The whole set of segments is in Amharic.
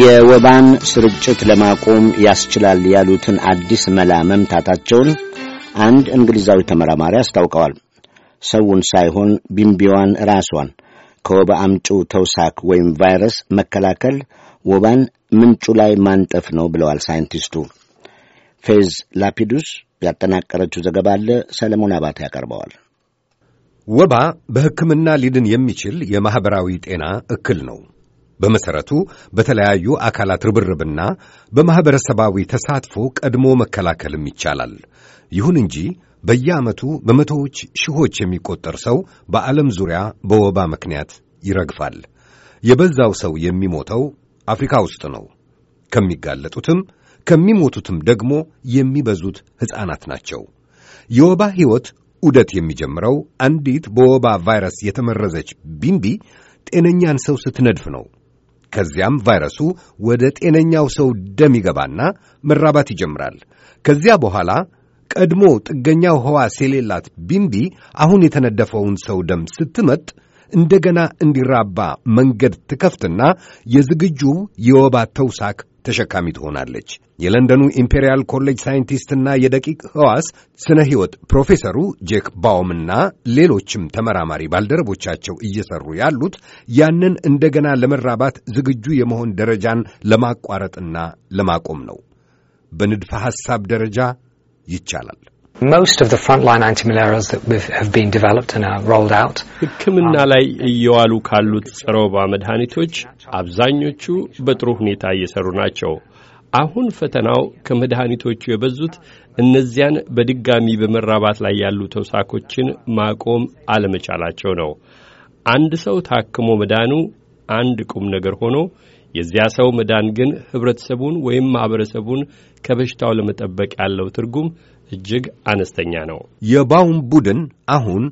የወባን ስርጭት ለማቆም ያስችላል ያሉትን አዲስ መላ መምታታቸውን አንድ እንግሊዛዊ ተመራማሪ አስታውቀዋል። ሰውን ሳይሆን ቢምቢዋን ራሷን ከወባ አምጪው ተውሳክ ወይም ቫይረስ መከላከል ወባን ምንጩ ላይ ማንጠፍ ነው ብለዋል ሳይንቲስቱ። ፌዝ ላፒዱስ ያጠናቀረችው ዘገባ አለ፣ ሰለሞን አባተ ያቀርበዋል። ወባ በሕክምና ሊድን የሚችል የማኅበራዊ ጤና እክል ነው። በመሠረቱ በተለያዩ አካላት ርብርብና በማኅበረሰባዊ ተሳትፎ ቀድሞ መከላከልም ይቻላል። ይሁን እንጂ በየዓመቱ በመቶዎች ሺዎች የሚቆጠር ሰው በዓለም ዙሪያ በወባ ምክንያት ይረግፋል። የበዛው ሰው የሚሞተው አፍሪካ ውስጥ ነው። ከሚጋለጡትም ከሚሞቱትም ደግሞ የሚበዙት ሕፃናት ናቸው። የወባ ሕይወት ዑደት የሚጀምረው አንዲት በወባ ቫይረስ የተመረዘች ቢንቢ ጤነኛን ሰው ስትነድፍ ነው። ከዚያም ቫይረሱ ወደ ጤነኛው ሰው ደም ይገባና መራባት ይጀምራል። ከዚያ በኋላ ቀድሞ ጥገኛው ሕዋስ የሌላት ቢምቢ አሁን የተነደፈውን ሰው ደም ስትመጥ እንደገና እንዲራባ መንገድ ትከፍትና የዝግጁ የወባ ተውሳክ ተሸካሚ ትሆናለች። የለንደኑ ኢምፔሪያል ኮሌጅ ሳይንቲስትና የደቂቅ ህዋስ ስነ ሕይወት ፕሮፌሰሩ ጄክ ባውምና ሌሎችም ተመራማሪ ባልደረቦቻቸው እየሰሩ ያሉት ያንን እንደገና ለመራባት ዝግጁ የመሆን ደረጃን ለማቋረጥና ለማቆም ነው። በንድፈ ሐሳብ ደረጃ ይቻላል። most of the frontline antimalarials that we've, have been developed and are rolled out ሕክምና ላይ እየዋሉ ካሉት ጸረ ወባ መድኃኒቶች አብዛኞቹ በጥሩ ሁኔታ እየሰሩ ናቸው። አሁን ፈተናው ከመድኃኒቶቹ የበዙት እነዚያን በድጋሚ በመራባት ላይ ያሉ ተውሳኮችን ማቆም አለመቻላቸው ነው። አንድ ሰው ታክሞ መዳኑ አንድ ቁም ነገር ሆኖ የዚያ ሰው መዳን ግን ህብረተሰቡን ወይም ማኅበረሰቡን ከበሽታው ለመጠበቅ ያለው ትርጉም እጅግ አነስተኛ ነው። የባውም ቡድን አሁን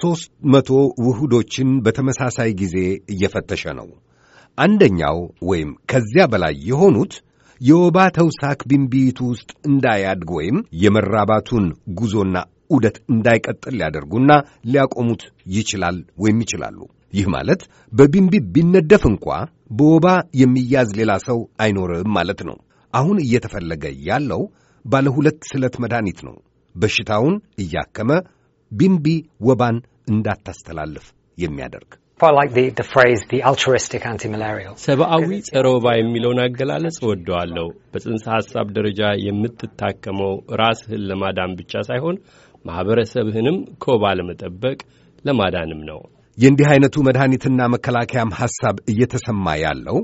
ሦስት መቶ ውህዶችን በተመሳሳይ ጊዜ እየፈተሸ ነው። አንደኛው ወይም ከዚያ በላይ የሆኑት የወባ ተውሳክ ቢንቢይቱ ውስጥ እንዳያድግ ወይም የመራባቱን ጉዞና ዑደት እንዳይቀጥል ሊያደርጉና ሊያቆሙት ይችላል ወይም ይችላሉ። ይህ ማለት በቢንቢ ቢነደፍ እንኳ በወባ የሚያዝ ሌላ ሰው አይኖርም ማለት ነው። አሁን እየተፈለገ ያለው ባለ ሁለት ስለት መድኃኒት ነው። በሽታውን እያከመ ቢምቢ ወባን እንዳታስተላልፍ የሚያደርግ ሰብአዊ ጸረ ወባ የሚለውን አገላለጽ እወደዋለሁ። በጽንሰ ሐሳብ ደረጃ የምትታከመው ራስህን ለማዳን ብቻ ሳይሆን ማኅበረሰብህንም ከወባ ለመጠበቅ ለማዳንም ነው። የእንዲህ ዐይነቱ መድኃኒትና መከላከያም ሐሳብ እየተሰማ ያለው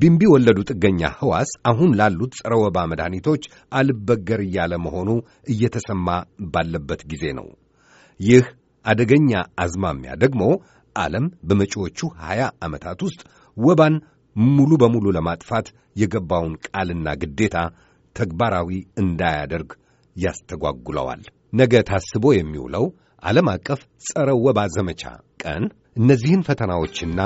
ቢምቢ ወለዱ ጥገኛ ህዋስ አሁን ላሉት ጸረ ወባ መድኃኒቶች አልበገር እያለ መሆኑ እየተሰማ ባለበት ጊዜ ነው። ይህ አደገኛ አዝማሚያ ደግሞ ዓለም በመጪዎቹ ሀያ ዓመታት ውስጥ ወባን ሙሉ በሙሉ ለማጥፋት የገባውን ቃልና ግዴታ ተግባራዊ እንዳያደርግ ያስተጓጉለዋል። ነገ ታስቦ የሚውለው ዓለም አቀፍ ጸረ ወባ ዘመቻ ቀን እነዚህን ፈተናዎችና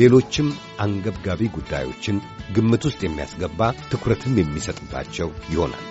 ሌሎችም አንገብጋቢ ጉዳዮችን ግምት ውስጥ የሚያስገባ ትኩረትም የሚሰጥባቸው ይሆናል።